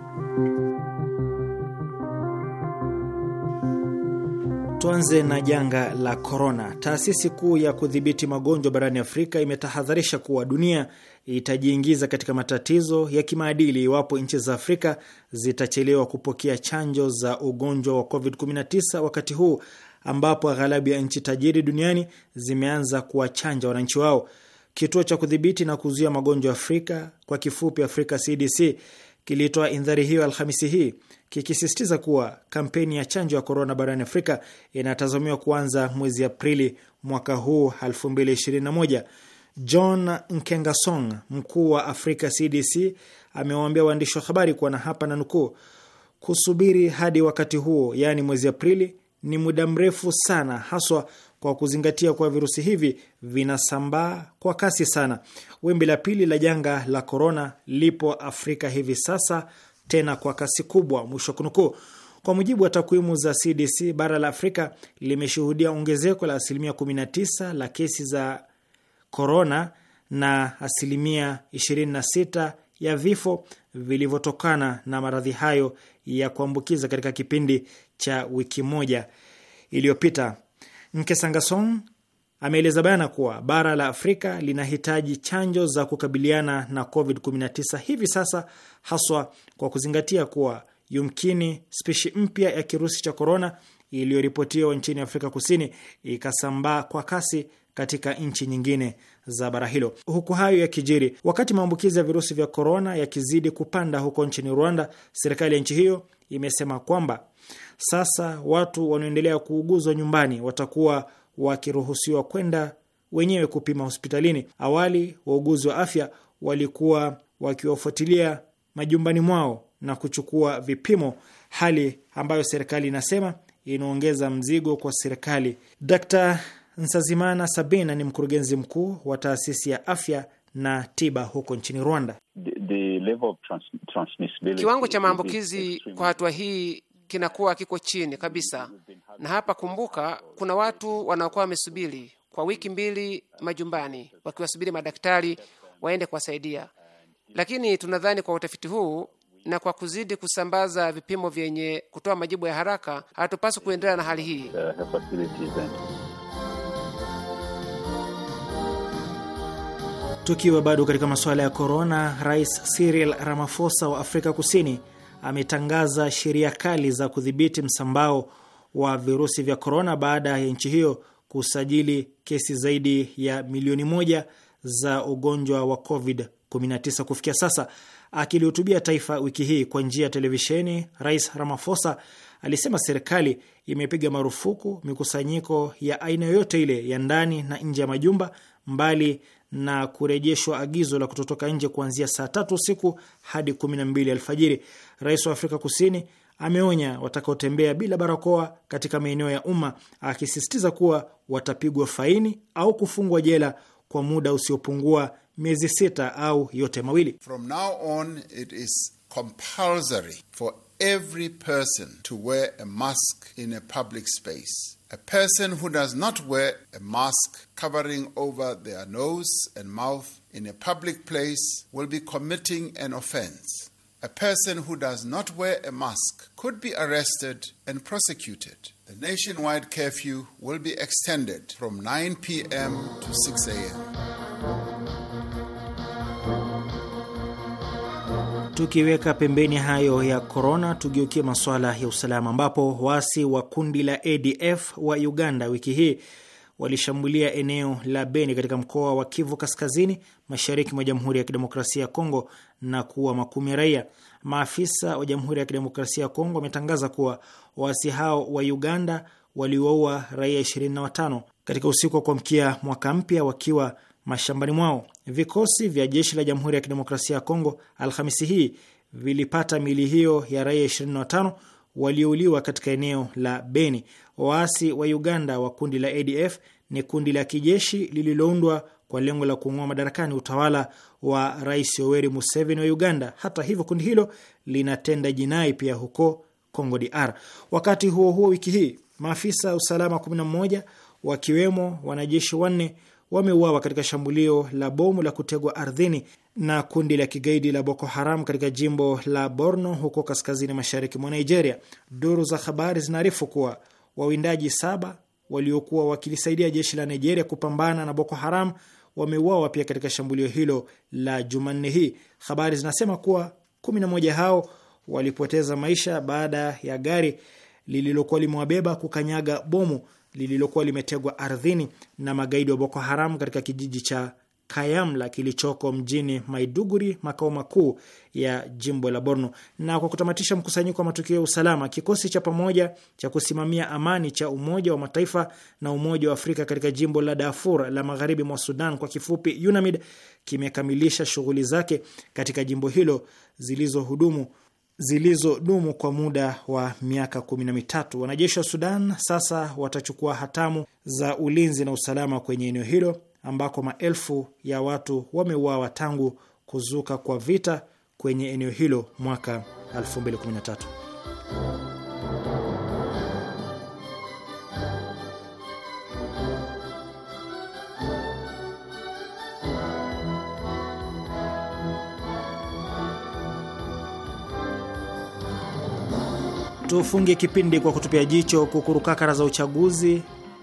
tuanze na janga la korona. Taasisi kuu ya kudhibiti magonjwa barani Afrika imetahadharisha kuwa dunia itajiingiza katika matatizo ya kimaadili iwapo nchi za Afrika zitachelewa kupokea chanjo za ugonjwa wa COVID-19 wakati huu ambapo aghalabu ya nchi tajiri duniani zimeanza kuwachanja wananchi wao. Kituo cha kudhibiti na kuzuia magonjwa Afrika, kwa kifupi Afrika CDC, kilitoa indhari hiyo Alhamisi hii kikisisitiza kuwa kampeni ya chanjo ya korona barani Afrika inatazamiwa kuanza mwezi Aprili mwaka huu 2021. John Nkengasong, mkuu wa Afrika CDC, amewaambia waandishi wa habari kuwa na hapa na nukuu, kusubiri hadi wakati huo, yaani mwezi Aprili, ni muda mrefu sana, haswa kwa kuzingatia kuwa virusi hivi vinasambaa kwa kasi sana. Wimbi la pili la janga la korona lipo Afrika hivi sasa, tena kwa kasi kubwa. Mwisho kunukuu. Kwa mujibu wa takwimu za CDC, bara la Afrika limeshuhudia ongezeko la asilimia 19 la kesi za korona na asilimia 26 ya vifo vilivyotokana na maradhi hayo ya kuambukiza katika kipindi cha wiki moja iliyopita. Nkesangason ameeleza bayana kuwa bara la Afrika linahitaji chanjo za kukabiliana na COVID-19 hivi sasa, haswa kwa kuzingatia kuwa yumkini spishi mpya ya kirusi cha korona iliyoripotiwa nchini Afrika Kusini ikasambaa kwa kasi katika nchi nyingine za bara hilo. Huku hayo yakijiri, wakati maambukizi ya virusi vya korona yakizidi kupanda huko nchini Rwanda, serikali ya nchi hiyo imesema kwamba sasa watu wanaoendelea kuuguzwa nyumbani watakuwa wakiruhusiwa kwenda wenyewe kupima hospitalini. Awali wauguzi wa afya walikuwa wakiwafuatilia majumbani mwao na kuchukua vipimo, hali ambayo serikali inasema inaongeza mzigo kwa serikali. d Nsazimana Sabina ni mkurugenzi mkuu wa taasisi ya afya na tiba huko nchini Rwanda. The, the level of trans, kiwango cha maambukizi kwa hatua hii kinakuwa kiko chini kabisa. Na hapa kumbuka, kuna watu wanaokuwa wamesubiri kwa wiki mbili majumbani, wakiwasubiri madaktari waende kuwasaidia. Lakini tunadhani kwa utafiti huu na kwa kuzidi kusambaza vipimo vyenye kutoa majibu ya haraka, hatupaswi kuendelea na hali hii. Uh, Tukiwa bado katika masuala ya korona, Rais Cyril Ramaphosa wa Afrika Kusini ametangaza sheria kali za kudhibiti msambao wa virusi vya korona baada ya nchi hiyo kusajili kesi zaidi ya milioni moja za ugonjwa wa COVID-19 kufikia sasa. Akilihutubia taifa wiki hii kwa njia ya televisheni, Rais Ramaphosa alisema serikali imepiga marufuku mikusanyiko ya aina yoyote ile ya ndani na nje ya majumba, mbali na kurejeshwa agizo la kutotoka nje kuanzia saa tatu usiku hadi mbili alfajiri rais wa Afrika Kusini ameonya watakaotembea bila barakoa katika maeneo ya umma, akisisitiza kuwa watapigwa faini au kufungwa jela kwa muda usiopungua miezi sita au yote mawili. From now on it is compulsory for every person to wear a mask in a public space. A person who does not wear a mask covering over their nose and mouth in a public place will be committing an offense. A person who does not wear a mask could be arrested and prosecuted. The nationwide curfew will be extended from 9 p.m. to 6 a.m. Tukiweka pembeni hayo ya korona, tugeukie masuala ya usalama, ambapo waasi wa kundi la ADF wa Uganda wiki hii walishambulia eneo la Beni katika mkoa wa Kivu Kaskazini, mashariki mwa Jamhuri ya Kidemokrasia ya Kongo na kuua makumi ya raia. Maafisa wa Jamhuri ya Kidemokrasia ya Kongo wametangaza kuwa waasi hao wa Uganda waliwaua raia 25 katika usiku wa kuamkia mwaka mpya wakiwa mashambani mwao. Vikosi vya jeshi la Jamhuri ya Kidemokrasia ya Kongo Alhamisi hii vilipata mili hiyo ya raia 25 waliouliwa katika eneo la Beni. Waasi wa Uganda wa kundi la ADF ni kundi la kijeshi lililoundwa kwa lengo la kung'oa madarakani utawala wa Rais Yoweri Museveni wa Uganda. Hata hivyo, kundi hilo linatenda jinai pia huko Congo DR. Wakati huo huo, wiki hii maafisa usalama 11 wakiwemo wanajeshi wanne wameuawa katika shambulio la bomu la kutegwa ardhini na kundi la kigaidi la Boko Haram katika jimbo la Borno huko kaskazini mashariki mwa Nigeria. Duru za habari zinaarifu kuwa wawindaji saba waliokuwa wakilisaidia jeshi la Nigeria kupambana na Boko Haram wameuawa pia katika shambulio hilo la Jumanne hii. Habari zinasema kuwa kumi na moja hao walipoteza maisha baada ya gari lililokuwa limewabeba kukanyaga bomu lililokuwa limetegwa ardhini na magaidi wa Boko Haram katika kijiji cha Kayamla kilichoko mjini Maiduguri, makao makuu ya jimbo la Borno. Na kwa kutamatisha mkusanyiko wa matukio ya usalama, kikosi cha pamoja cha kusimamia amani cha Umoja wa Mataifa na Umoja wa Afrika katika jimbo la Darfur la magharibi mwa Sudan, kwa kifupi UNAMID, kimekamilisha shughuli zake katika jimbo hilo zilizohudumu zilizodumu kwa muda wa miaka kumi na mitatu. Wanajeshi wa Sudan sasa watachukua hatamu za ulinzi na usalama kwenye eneo hilo ambako maelfu ya watu wameuawa tangu kuzuka kwa vita kwenye eneo hilo mwaka 2013. Tufunge kipindi kwa kutupia jicho kukurukakara za uchaguzi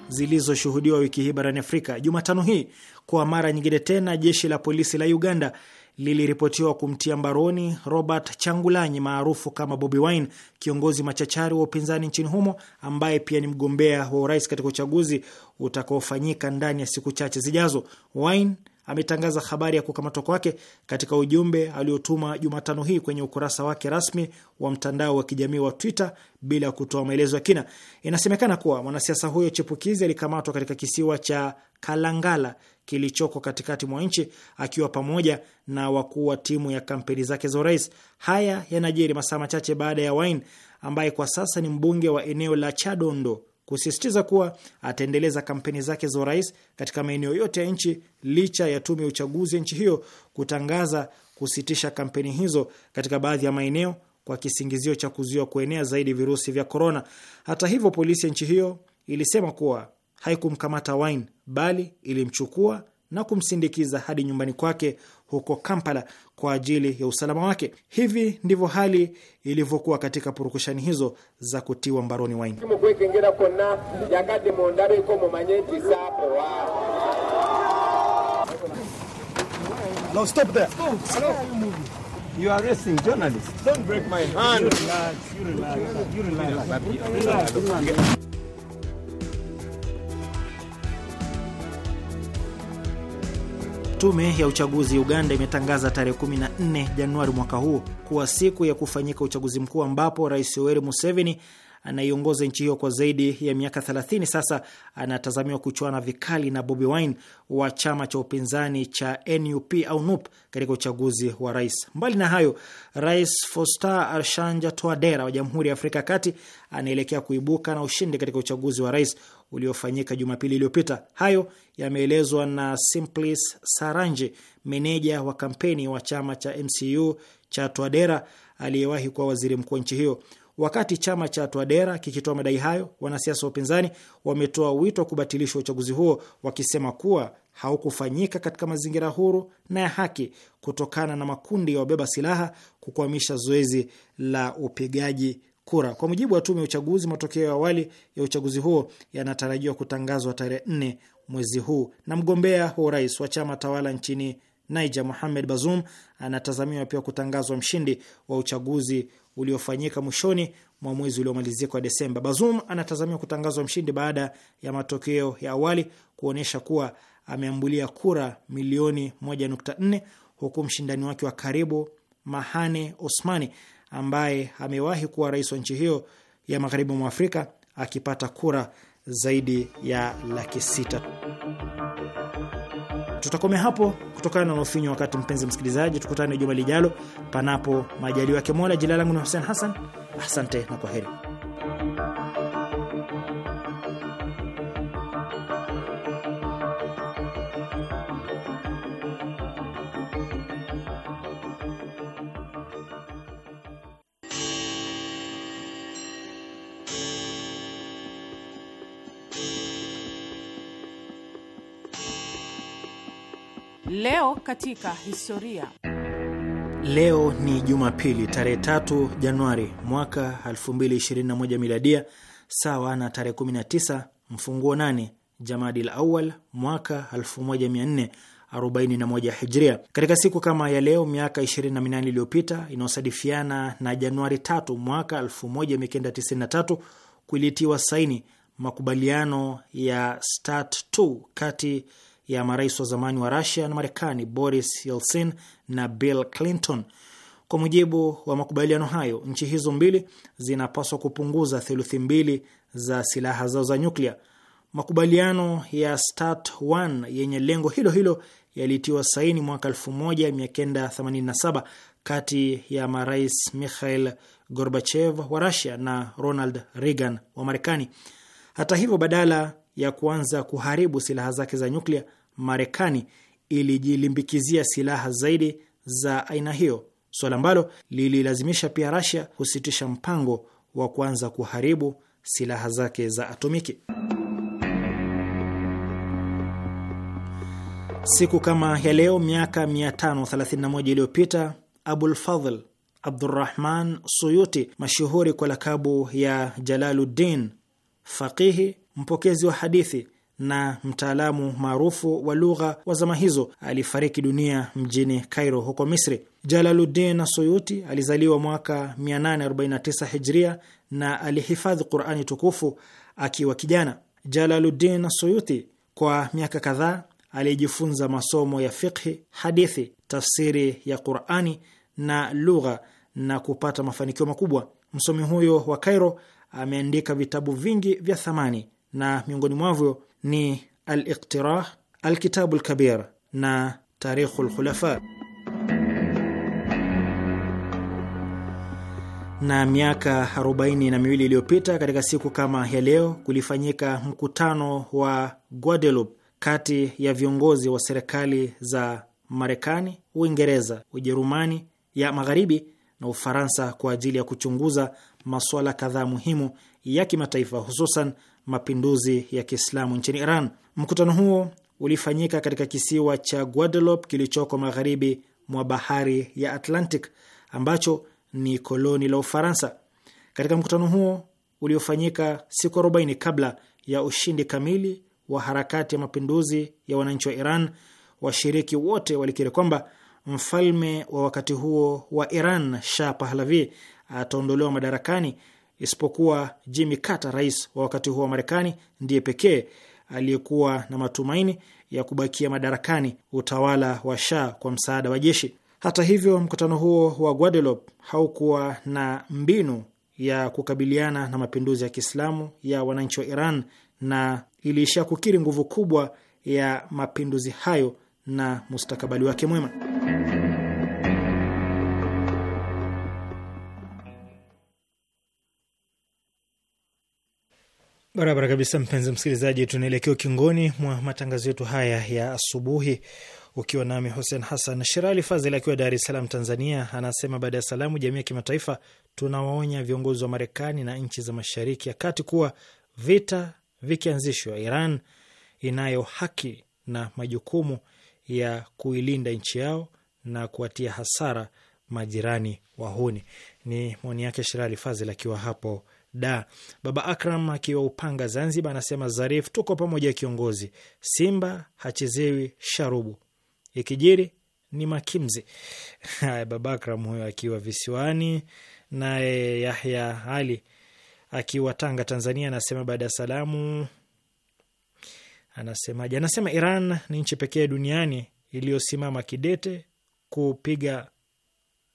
zilizoshuhudiwa wiki hii barani Afrika. Jumatano hii kwa mara nyingine tena, jeshi la polisi la Uganda liliripotiwa kumtia mbaroni Robert Changulanyi maarufu kama Bobi Wine, kiongozi machachari wa upinzani nchini humo, ambaye pia ni mgombea wa urais katika uchaguzi utakaofanyika ndani ya siku chache zijazo. Wine ametangaza habari ya kukamatwa kwake katika ujumbe aliotuma Jumatano hii kwenye ukurasa wake rasmi wa mtandao wa kijamii wa Twitter bila ya kutoa maelezo ya kina. Inasemekana kuwa mwanasiasa huyo chipukizi alikamatwa katika kisiwa cha Kalangala kilichoko katikati mwa nchi akiwa pamoja na wakuu wa timu ya kampeni zake za urais. Haya yanajiri masaa machache baada ya Wine ambaye kwa sasa ni mbunge wa eneo la Chadondo kusisitiza kuwa ataendeleza kampeni zake za urais katika maeneo yote ya nchi licha ya tume ya uchaguzi ya nchi hiyo kutangaza kusitisha kampeni hizo katika baadhi ya maeneo kwa kisingizio cha kuzuia kuenea zaidi virusi vya korona. Hata hivyo, polisi ya nchi hiyo ilisema kuwa haikumkamata Wine bali ilimchukua na kumsindikiza hadi nyumbani kwake huko Kampala kwa ajili ya usalama wake. Hivi ndivyo hali ilivyokuwa katika purukushani hizo za kutiwa mbaroni wain No, Tume ya uchaguzi Uganda imetangaza tarehe 14 Januari mwaka huu kuwa siku ya kufanyika uchaguzi mkuu ambapo Rais Yoweri Museveni anayeongoza nchi hiyo kwa zaidi ya miaka 30 sasa anatazamiwa kuchuana vikali na Bobi Wine wa chama cha upinzani cha NUP au NUP katika uchaguzi wa rais. Mbali na hayo, Rais Faustin Archange Touadera wa Jamhuri ya Afrika ya Kati anaelekea kuibuka na ushindi katika uchaguzi wa rais uliofanyika Jumapili iliyopita. Hayo yameelezwa na Simplis Saranje, meneja wa kampeni wa chama cha MCU cha Twadera aliyewahi kuwa waziri mkuu wa nchi hiyo. Wakati chama cha Twadera kikitoa madai hayo, wanasiasa wa upinzani wametoa wito wa kubatilishwa uchaguzi huo, wakisema kuwa haukufanyika katika mazingira huru na ya haki kutokana na makundi ya wabeba silaha kukwamisha zoezi la upigaji kura. Kwa mujibu wa tume ya uchaguzi, matokeo ya awali ya uchaguzi huo yanatarajiwa kutangazwa tarehe 4 mwezi huu. Na mgombea wa urais wa chama tawala nchini Niger, Mohamed Bazoum, anatazamiwa pia kutangazwa mshindi wa uchaguzi uliofanyika mwishoni mwa mwezi uliomalizika wa Desemba. Bazoum anatazamiwa kutangazwa mshindi baada ya matokeo ya awali kuonyesha kuwa ameambulia kura milioni 1.4 huku mshindani wake wa karibu Mahane Osmani ambaye amewahi kuwa rais wa nchi hiyo ya magharibi mwa Afrika akipata kura zaidi ya laki sita. Tutakomea hapo kutokana na ufinyo wakati, mpenzi msikilizaji, tukutane juma lijalo, panapo majaliwa yake Mola. Jina langu ni Hussein Hassan, asante na kwa heri. katika historia. Leo ni Jumapili tarehe tatu Januari mwaka 2021 miladia, sawa na tarehe 19 mfunguo 8 Jamadil Awal mwaka 1441 Hijria. Katika siku kama ya leo miaka 28 iliyopita inayosadifiana na Januari 3 mwaka 1993 kuilitiwa saini makubaliano ya START2 kati ya marais wa zamani wa Rusia na Marekani Boris Yeltsin na Bill Clinton. Kwa mujibu wa makubaliano hayo, nchi hizo mbili zinapaswa kupunguza theluthi mbili za silaha zao za nyuklia. Makubaliano ya START 1 yenye lengo hilo hilo yalitiwa saini mwaka 1987 kati ya marais Mikhail Gorbachev wa Rusia na Ronald Reagan wa Marekani. Hata hivyo, badala ya kuanza kuharibu silaha zake za nyuklia, Marekani ilijilimbikizia silaha zaidi za aina hiyo, suala ambalo lililazimisha pia Rasia kusitisha mpango wa kuanza kuharibu silaha zake za atomiki. Siku kama ya leo miaka 531 iliyopita Abulfadhl Abdurrahman Suyuti, mashuhuri kwa lakabu ya Jalaluddin, faqihi, mpokezi wa hadithi na mtaalamu maarufu wa lugha wa zama hizo alifariki dunia mjini Cairo huko Misri. Jalaluddin Suyuti alizaliwa mwaka 849 Hijria na alihifadhi Qurani tukufu akiwa kijana. Jalaluddin Suyuti kwa miaka kadhaa alijifunza masomo ya fiqhi, hadithi, tafsiri ya Qurani na lugha na kupata mafanikio makubwa. Msomi huyo wa Cairo ameandika vitabu vingi vya thamani na miongoni mwavyo ni Al-Iqtirah, Alkitabu Lkabir na Tarikhu Lkhulafa. Na miaka arobaini na miwili iliyopita katika siku kama ya leo kulifanyika mkutano wa Guadeloupe kati ya viongozi wa serikali za Marekani, Uingereza, Ujerumani ya Magharibi na Ufaransa kwa ajili ya kuchunguza masuala kadhaa muhimu ya kimataifa hususan mapinduzi ya Kiislamu nchini Iran. Mkutano huo ulifanyika katika kisiwa cha Guadeloupe kilichoko magharibi mwa bahari ya Atlantic ambacho ni koloni la Ufaransa. Katika mkutano huo uliofanyika siku 40 kabla ya ushindi kamili wa harakati ya mapinduzi ya wananchi wa Iran, washiriki wote walikiri kwamba mfalme wa wakati huo wa Iran Shah Pahlavi ataondolewa madarakani isipokuwa Jimmy Carter, rais wa wakati huo wa Marekani, ndiye pekee aliyekuwa na matumaini ya kubakia madarakani utawala wa Shah kwa msaada wa jeshi. Hata hivyo, mkutano huo wa Guadeloupe haukuwa na mbinu ya kukabiliana na mapinduzi ya Kiislamu ya wananchi wa Iran na iliishia kukiri nguvu kubwa ya mapinduzi hayo na mustakabali wake mwema. Barabara kabisa, mpenzi msikilizaji, tunaelekea ukingoni mwa matangazo yetu haya ya asubuhi, ukiwa nami Hussein Hassan. Sherali Fazil akiwa Dar es Salaam, Tanzania, anasema baada ya salamu, jamii ya kimataifa, tunawaonya viongozi wa Marekani na nchi za Mashariki ya Kati kuwa vita vikianzishwa, Iran inayo haki na majukumu ya kuilinda nchi yao na kuwatia hasara majirani wahuni. Ni maoni yake Sherali Fazil akiwa hapo da. Baba Akram akiwa Upanga, Zanzibar, anasema Zarif, tuko pamoja kiongozi. Simba hachezewi sharubu, ikijiri ni makimzi. Haya, Baba Akram huyo akiwa visiwani. Naye Yahya Ali akiwa Tanga, Tanzania, anasema baada ya salamu, anasemaje? Anasema Iran ni nchi pekee duniani iliyosimama kidete kupiga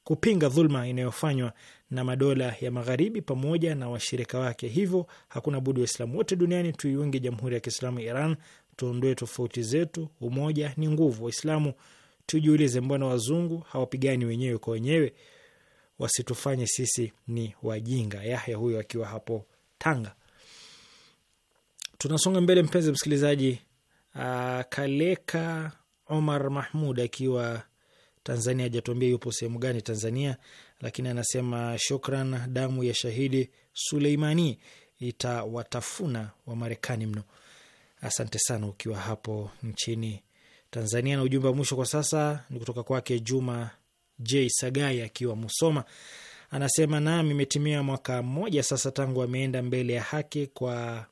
kupinga dhulma inayofanywa na madola ya magharibi pamoja na washirika wake. Hivyo hakuna budi Waislamu wote duniani tuiunge Jamhuri ya Kiislamu Iran, tuondoe tofauti zetu, umoja ni nguvu. Waislamu tujiulize, mbona wazungu hawapigani wenyewe kwa wenyewe? Wasitufanye sisi ni wajinga. Yahya huyo akiwa hapo Tanga. Tunasonga mbele, mpenzi msikilizaji. Uh, Kaleka Omar Mahmud akiwa Tanzania ajatuambia yupo sehemu gani Tanzania, lakini anasema shukran, damu ya shahidi Suleimani itawatafuna marekani mno. Asante sana ukiwa hapo nchini Tanzania. Na ujumbe wa mwisho kwa sasa ni kutoka kwake Juma J Sagai akiwa Musoma, anasema nam, imetimia mwaka mmoja sasa tangu ameenda mbele ya haki kwa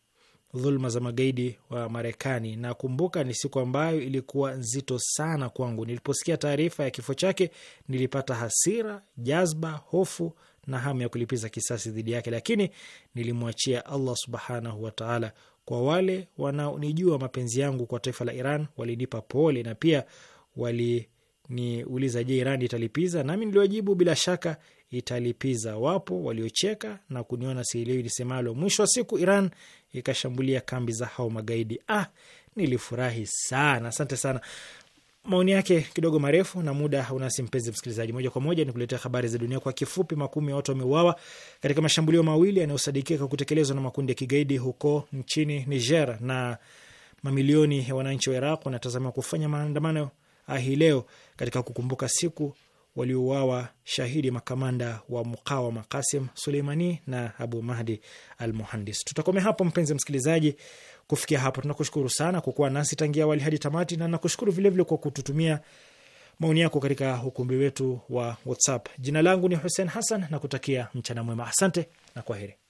dhuluma za magaidi wa Marekani. Na kumbuka, ni siku ambayo ilikuwa nzito sana kwangu. Niliposikia taarifa ya kifo chake, nilipata hasira, jazba, hofu na hamu ya kulipiza kisasi dhidi yake, lakini nilimwachia Allah subhanahu wataala. Kwa wale wanaonijua, mapenzi yangu kwa taifa la Iran walinipa pole na pia waliniuliza, je, Iran italipiza? Nami niliwajibu, bila shaka italipiza. Wapo waliocheka na kuniona sielewi lisemalo. Mwisho wa siku Iran ikashambulia kambi za hao magaidi. Ah, nilifurahi sana. Asante sana. Maoni yake kidogo marefu na muda unasi, mpenzi msikilizaji, moja kwa moja ni kuletea habari za dunia kwa kifupi. Makumi ya watu wameuawa katika mashambulio mawili yanayosadikika kutekelezwa na makundi ya kigaidi huko nchini Niger, na mamilioni ya wananchi wa Iraq wanatazamiwa kufanya maandamano hii leo katika kukumbuka siku waliouawa shahidi makamanda wa mukawama Kasim Suleimani na Abu Mahdi al Muhandis. Tutakome hapo mpenzi msikilizaji. Kufikia hapo, tunakushukuru sana kwa kuwa nasi tangia awali hadi tamati, na nakushukuru vilevile kwa kututumia maoni yako katika ukumbi wetu wa WhatsApp. Jina langu ni Hussein Hassan na kutakia mchana mwema. Asante na kwaheri.